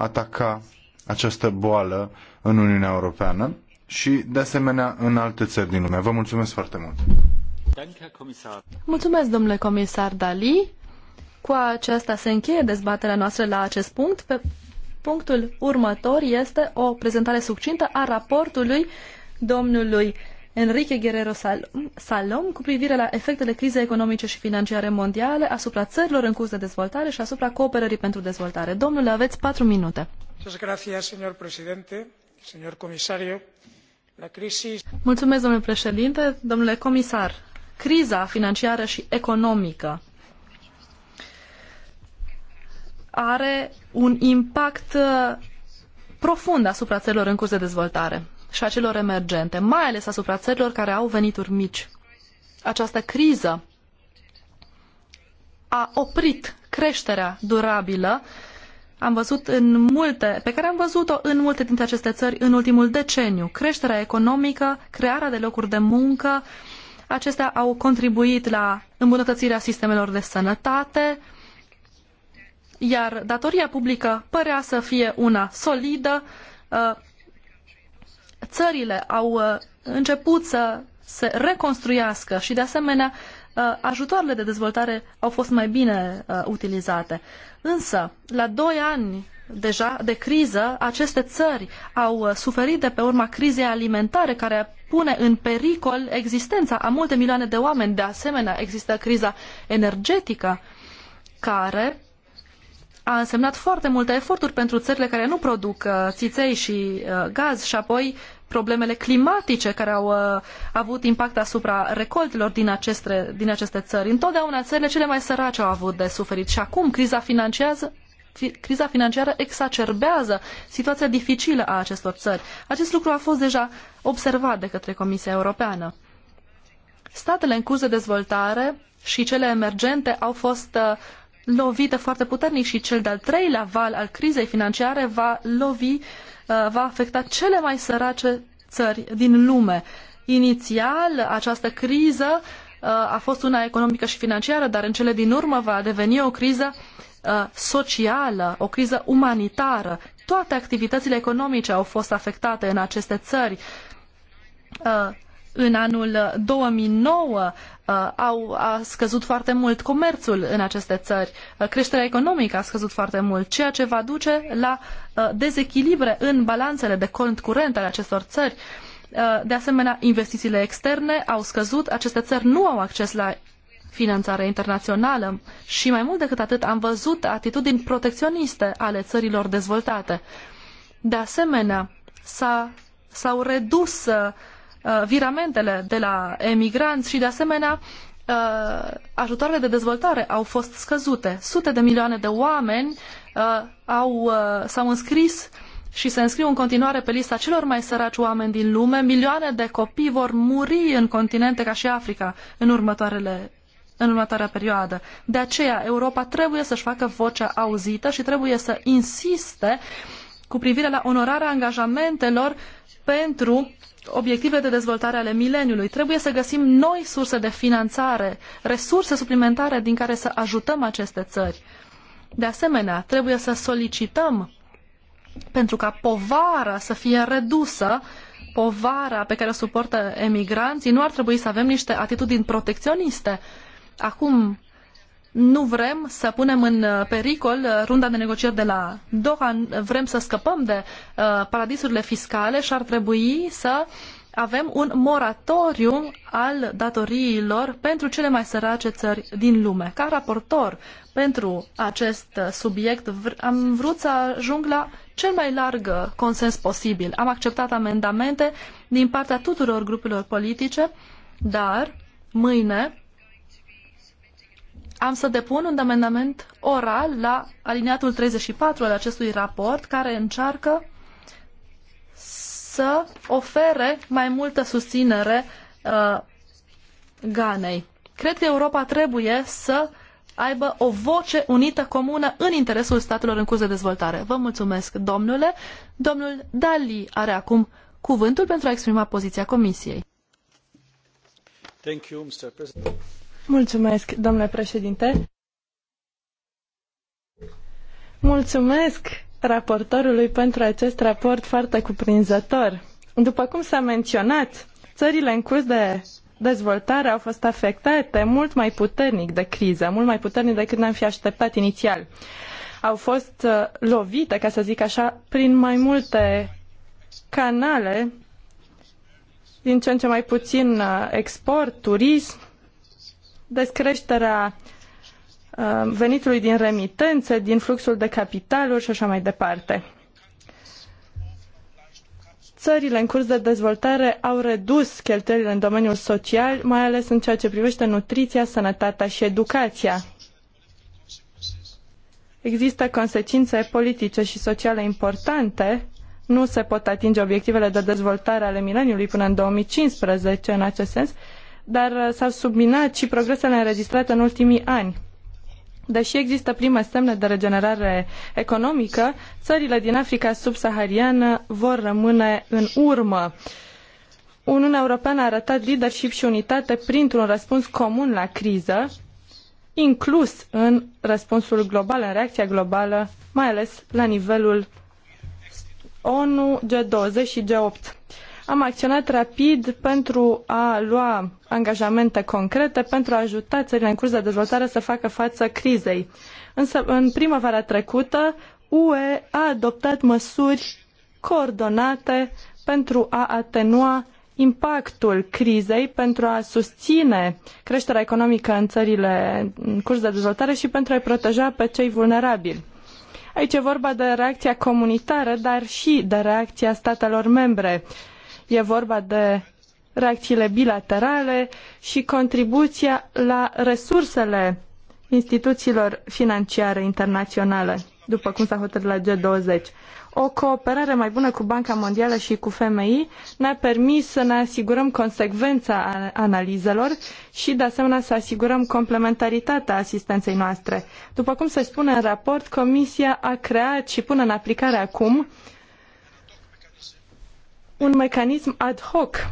ataca această boală în Uniunea Europeană și, de asemenea, în alte țări din lume. Vă mulțumesc foarte mult! Mulțumesc, domnule comisar Dali! Cu aceasta se încheie dezbaterea noastră la acest punct. Pe punctul următor este o prezentare succintă a raportului domnului Enrique Guerrero Salom cu privire la efectele crizei economice și financiare mondiale asupra țărilor în curs de dezvoltare și asupra cooperării pentru dezvoltare. Domnule, aveți patru minute. Mulțumesc, domnule președinte, domnule comisar. Criza financiară și economică are un impact uh, profund asupra țărilor în curs de dezvoltare și a celor emergente, mai ales asupra țărilor care au venituri mici. Această criză a oprit creșterea durabilă am văzut în multe, pe care am văzut-o în multe dintre aceste țări în ultimul deceniu. Creșterea economică, crearea de locuri de muncă, acestea au contribuit la îmbunătățirea sistemelor de sănătate, iar datoria publică părea să fie una solidă, uh, țările au uh, început să se reconstruiască și, de asemenea, uh, ajutoarele de dezvoltare au fost mai bine uh, utilizate. Însă, la doi ani deja de criză, aceste țări au suferit de pe urma crizei alimentare care pune în pericol existența a multe milioane de oameni. De asemenea, există criza energetică care a însemnat foarte multe eforturi pentru țările care nu produc uh, țiței și uh, gaz și apoi problemele climatice care au uh, avut impact asupra recoltelor din aceste, din aceste țări. Întotdeauna țările cele mai sărace au avut de suferit și acum criza financiară criza financiară exacerbează situația dificilă a acestor țări. Acest lucru a fost deja observat de către Comisia Europeană. Statele în curs de dezvoltare și cele emergente au fost lovită foarte puternic și cel de-al treilea val al crizei financiare va lovi, uh, va afecta cele mai sărace țări din lume. Inițial, această criză uh, a fost una economică și financiară, dar în cele din urmă va deveni o criză uh, socială, o criză umanitară. Toate activitățile economice au fost afectate în aceste țări în anul 2009 uh, au, a scăzut foarte mult comerțul în aceste țări, uh, creșterea economică a scăzut foarte mult, ceea ce va duce la uh, dezechilibre în balanțele de cont curent ale acestor țări. De asemenea, investițiile externe au scăzut, aceste țări nu au acces la finanțare internațională și mai mult decât atât am văzut atitudini protecționiste ale țărilor dezvoltate. De asemenea, s-au redus Uh, viramentele de la emigranți și, de asemenea, uh, ajutoarele de dezvoltare au fost scăzute. Sute de milioane de oameni uh, au, s-au înscris și se înscriu în continuare pe lista celor mai săraci oameni din lume. Milioane de copii vor muri în continente ca și Africa în următoarele în următoarea perioadă. De aceea, Europa trebuie să-și facă vocea auzită și trebuie să insiste cu privire la onorarea angajamentelor pentru obiective de dezvoltare ale mileniului. Trebuie să găsim noi surse de finanțare, resurse suplimentare din care să ajutăm aceste țări. De asemenea, trebuie să solicităm pentru ca povara să fie redusă, povara pe care o suportă emigranții, nu ar trebui să avem niște atitudini protecționiste. Acum, nu vrem să punem în uh, pericol uh, runda de negocieri de la Doha, vrem să scăpăm de uh, paradisurile fiscale și ar trebui să avem un moratoriu al datoriilor pentru cele mai sărace țări din lume. Ca raportor pentru acest subiect am vrut să ajung la cel mai larg consens posibil. Am acceptat amendamente din partea tuturor grupurilor politice, dar mâine am să depun un amendament oral la aliniatul 34 al acestui raport, care încearcă să ofere mai multă susținere uh, Ganei. Cred că Europa trebuie să aibă o voce unită comună în interesul statelor în curs de dezvoltare. Vă mulțumesc, domnule. Domnul Dali are acum cuvântul pentru a exprima poziția Comisiei. Thank you, Mr. President. Mulțumesc, domnule președinte. Mulțumesc raportorului pentru acest raport foarte cuprinzător. După cum s-a menționat, țările în curs de dezvoltare au fost afectate mult mai puternic de criză, mult mai puternic decât ne-am fi așteptat inițial. Au fost uh, lovite, ca să zic așa, prin mai multe canale, din ce în ce mai puțin uh, export, turism, descreșterea uh, venitului din remitențe, din fluxul de capitaluri și așa mai departe. Țările în curs de dezvoltare au redus cheltuielile în domeniul social, mai ales în ceea ce privește nutriția, sănătatea și educația. Există consecințe politice și sociale importante. Nu se pot atinge obiectivele de dezvoltare ale mileniului până în 2015 în acest sens dar uh, s-au subminat și progresele înregistrate în ultimii ani. Deși există prime semne de regenerare economică, țările din Africa subsahariană vor rămâne în urmă. Uniunea Europeană a arătat leadership și unitate printr-un răspuns comun la criză, inclus în răspunsul global, în reacția globală, mai ales la nivelul ONU, G20 și G8 am acționat rapid pentru a lua angajamente concrete, pentru a ajuta țările în curs de dezvoltare să facă față crizei. Însă, în primăvara trecută, UE a adoptat măsuri coordonate pentru a atenua impactul crizei pentru a susține creșterea economică în țările în curs de dezvoltare și pentru a-i proteja pe cei vulnerabili. Aici e vorba de reacția comunitară, dar și de reacția statelor membre E vorba de reacțiile bilaterale și contribuția la resursele instituțiilor financiare internaționale, după cum s-a hotărât la G20. O cooperare mai bună cu Banca Mondială și cu FMI ne-a permis să ne asigurăm consecvența analizelor și, de asemenea, să asigurăm complementaritatea asistenței noastre. După cum se spune în raport, Comisia a creat și pune în aplicare acum un mecanism ad hoc,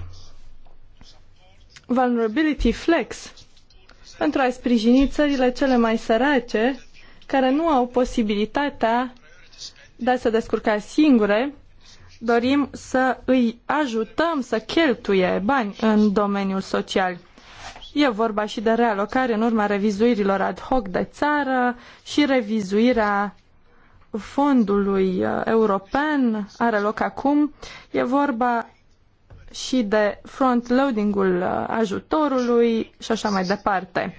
Vulnerability Flex, pentru a sprijini țările cele mai sărace care nu au posibilitatea de a se descurca singure, dorim să îi ajutăm să cheltuie bani în domeniul social. E vorba și de realocare în urma revizuirilor ad hoc de țară și revizuirea fondului uh, european are loc acum. E vorba și de front-loading-ul uh, ajutorului și așa mai departe.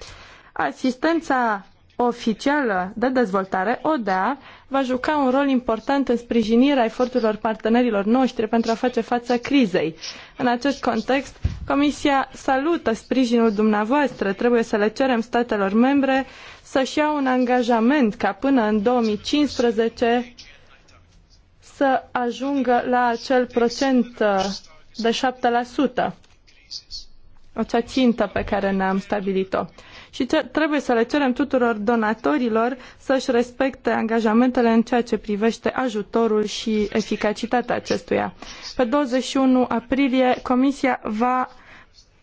Asistența oficială de dezvoltare, ODA, va juca un rol important în sprijinirea eforturilor partenerilor noștri pentru a face față crizei. În acest context, Comisia salută sprijinul dumneavoastră. Trebuie să le cerem statelor membre să-și ia un angajament ca până în 2015 să ajungă la acel procent uh, de 7%, acea țintă pe care ne-am stabilit-o. Și trebuie să le cerem tuturor donatorilor să-și respecte angajamentele în ceea ce privește ajutorul și eficacitatea acestuia. Pe 21 aprilie, Comisia va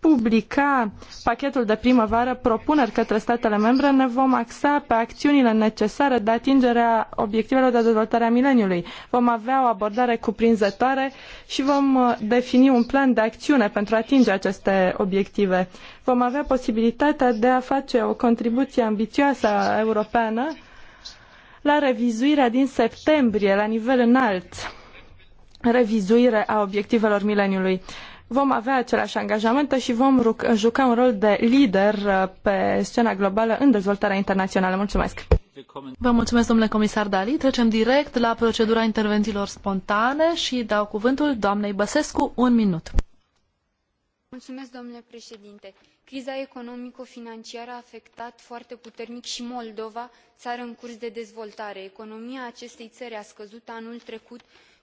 publica pachetul de primăvară propuneri către statele membre, ne vom axa pe acțiunile necesare de atingerea obiectivelor de dezvoltare a mileniului. Vom avea o abordare cuprinzătoare și vom uh, defini un plan de acțiune pentru a atinge aceste obiective. Vom avea posibilitatea de a face o contribuție ambițioasă europeană la revizuirea din septembrie la nivel înalt, revizuire a obiectivelor mileniului vom avea aceleași angajamente și vom juca un rol de lider uh, pe scena globală în dezvoltarea internațională. Mulțumesc! Vă mulțumesc, domnule comisar Dali. Trecem direct la procedura intervențiilor spontane și dau cuvântul doamnei Băsescu un minut. Mulțumesc, domnule președinte. Criza economico-financiară a afectat foarte puternic și Moldova, țară în curs de dezvoltare. Economia acestei țări a scăzut anul trecut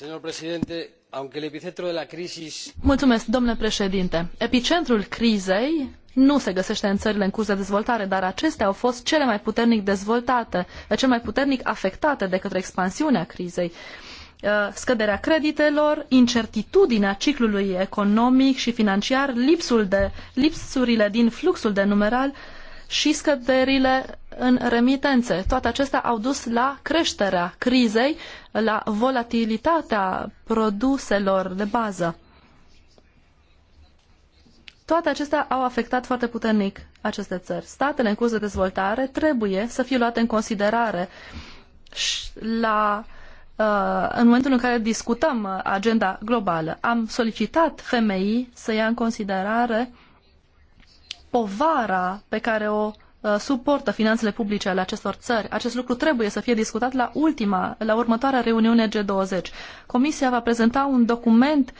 domnule președinte. Epicentrul crizei nu se găsește în țările în curs de dezvoltare, dar acestea au fost cele mai puternic dezvoltate, cele mai puternic afectate de către expansiunea crizei. Uh, scăderea creditelor, incertitudinea ciclului economic și financiar, lipsul de, lipsurile din fluxul de numeral, și scăderile în remitențe. Toate acestea au dus la creșterea crizei, la volatilitatea produselor de bază. Toate acestea au afectat foarte puternic aceste țări. Statele în curs de dezvoltare trebuie să fie luate în considerare la, uh, în momentul în care discutăm agenda globală. Am solicitat femeii să ia în considerare povara pe care o uh, suportă finanțele publice ale acestor țări. Acest lucru trebuie să fie discutat la ultima, la următoarea reuniune G20. Comisia va prezenta un document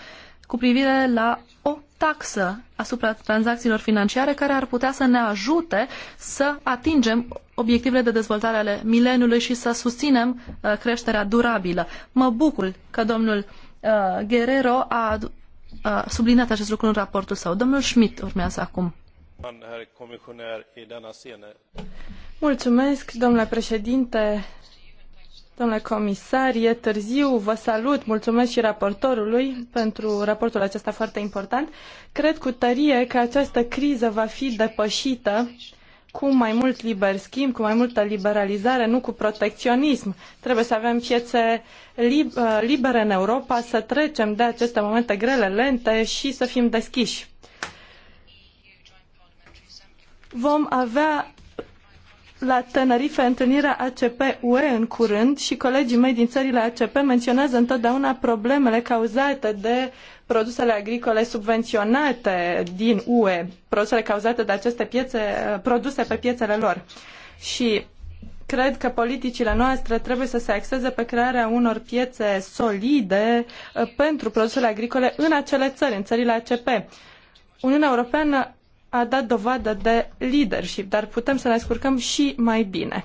cu privire la o taxă asupra tranzacțiilor financiare care ar putea să ne ajute să atingem obiectivele de dezvoltare ale mileniului și să susținem uh, creșterea durabilă. Mă bucur că domnul uh, Guerrero a subliniat acest lucru în raportul său. Domnul Schmidt urmează acum. Mulțumesc, domnule președinte, domnule comisar, e târziu, vă salut, mulțumesc și raportorului pentru raportul acesta foarte important. Cred cu tărie că această criză va fi depășită cu mai mult liber schimb, cu mai multă liberalizare, nu cu protecționism. Trebuie să avem piețe libere în Europa, să trecem de aceste momente grele, lente și să fim deschiși Vom avea la Tenerife întâlnirea ACP-UE în curând și colegii mei din țările ACP menționează întotdeauna problemele cauzate de produsele agricole subvenționate din UE, produsele cauzate de aceste piețe, produse pe piețele lor. Și cred că politicile noastre trebuie să se axeze pe crearea unor piețe solide uh, pentru produsele agricole în acele țări, în țările ACP. Uniunea Europeană a dat dovadă de leadership, dar putem să ne scurcăm și mai bine.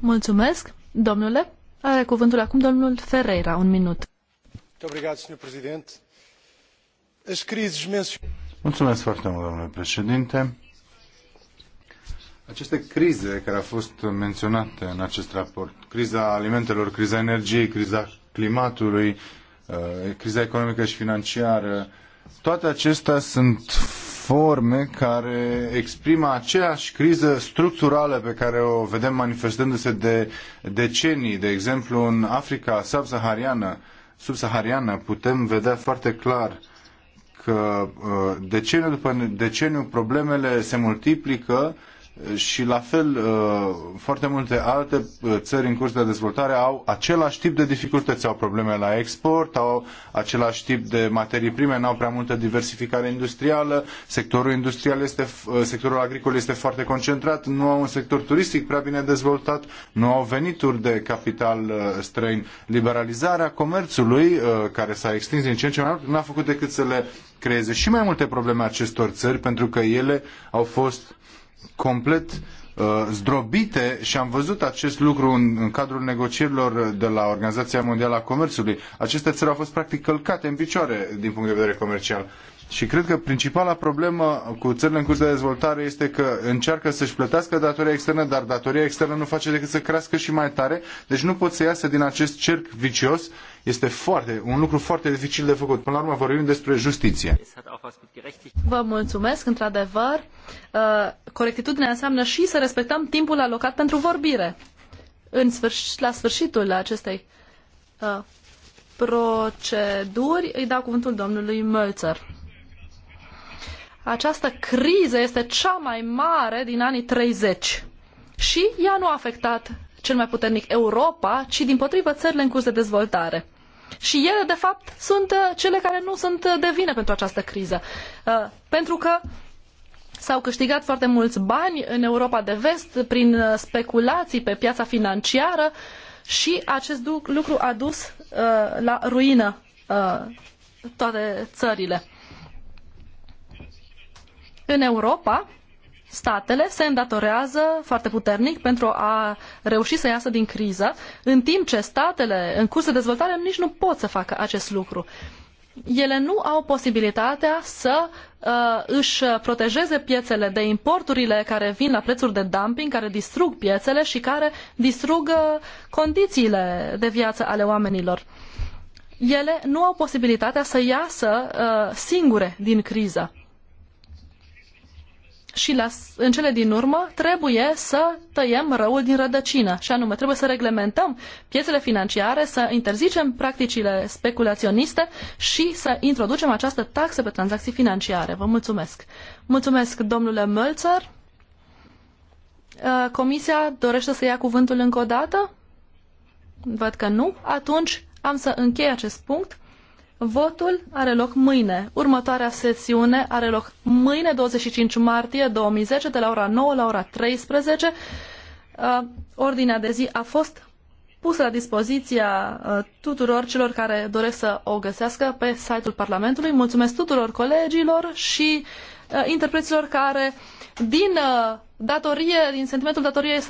Mulțumesc, domnule. Are cuvântul acum domnul Ferreira, un minut. Mulțumesc foarte mult, domnule președinte. Aceste crize care au fost menționate în acest raport, criza alimentelor, criza energiei, criza climatului, eh, criza economică și financiară, toate acestea sunt forme care exprimă aceeași criză structurală pe care o vedem manifestându-se de decenii. De exemplu, în Africa subsahariană, subsahariană putem vedea foarte clar că uh, deceniu după deceniu problemele se multiplică și la fel uh, foarte multe alte uh, țări în curs de dezvoltare au același tip de dificultăți, au probleme la export, au același tip de materii prime, n-au prea multă diversificare industrială, sectorul industrial este, uh, sectorul agricol este foarte concentrat, nu au un sector turistic prea bine dezvoltat, nu au venituri de capital străin. Liberalizarea comerțului, care s-a extins din ce în ce mai mult, n-a făcut decât să le creeze și mai multe probleme acestor țări, pentru că ele au fost complet uh, zdrobite și am văzut acest lucru în, în cadrul negocierilor de la Organizația Mondială a Comerțului. Aceste țări au fost practic călcate în picioare din punct de vedere comercial. Și cred că principala problemă cu țările în curs de dezvoltare este că încearcă să-și plătească datoria externă, dar datoria externă nu face decât să crească și mai tare, deci nu pot să iasă din acest cerc vicios. Este foarte, un lucru foarte dificil de făcut. Până la urmă vorbim despre justiție. Vă mulțumesc, într-adevăr. Uh, corectitudinea înseamnă și să respectăm timpul alocat pentru vorbire. În sfârș, la sfârșitul acestei uh, proceduri îi dau cuvântul domnului Mölzer. Această criză este cea mai mare din anii 30 și ea nu a afectat cel mai puternic Europa, ci din potrivă țările în curs de dezvoltare și ele, de fapt, sunt uh, cele care nu sunt uh, de vină pentru această criză. Uh, pentru că s-au câștigat foarte mulți bani în Europa de Vest prin speculații pe piața financiară și acest lucru a dus la ruină toate țările. În Europa, statele se îndatorează foarte puternic pentru a reuși să iasă din criză, în timp ce statele în curs de dezvoltare nici nu pot să facă acest lucru. Ele nu au posibilitatea să uh, își protejeze piețele de importurile care vin la prețuri de dumping, care distrug piețele și care distrug uh, condițiile de viață ale oamenilor. Ele nu au posibilitatea să iasă uh, singure din criză și la, în cele din urmă trebuie să tăiem răul din rădăcină și anume trebuie să reglementăm piețele financiare, să interzicem practicile speculaționiste și să introducem această taxă pe tranzacții financiare. Vă mulțumesc! Mulțumesc, domnule Mölzer. Comisia dorește să ia cuvântul încă o dată? Văd că nu. Atunci am să închei acest punct Votul are loc mâine. Următoarea sesiune are loc mâine, 25 martie 2010, de la ora 9 la ora 13. Uh, ordinea de zi a fost pusă la dispoziția uh, tuturor celor care doresc să o găsească pe site-ul Parlamentului. Mulțumesc tuturor colegilor și uh, interpreților care, din datorie, din sentimentul datoriei,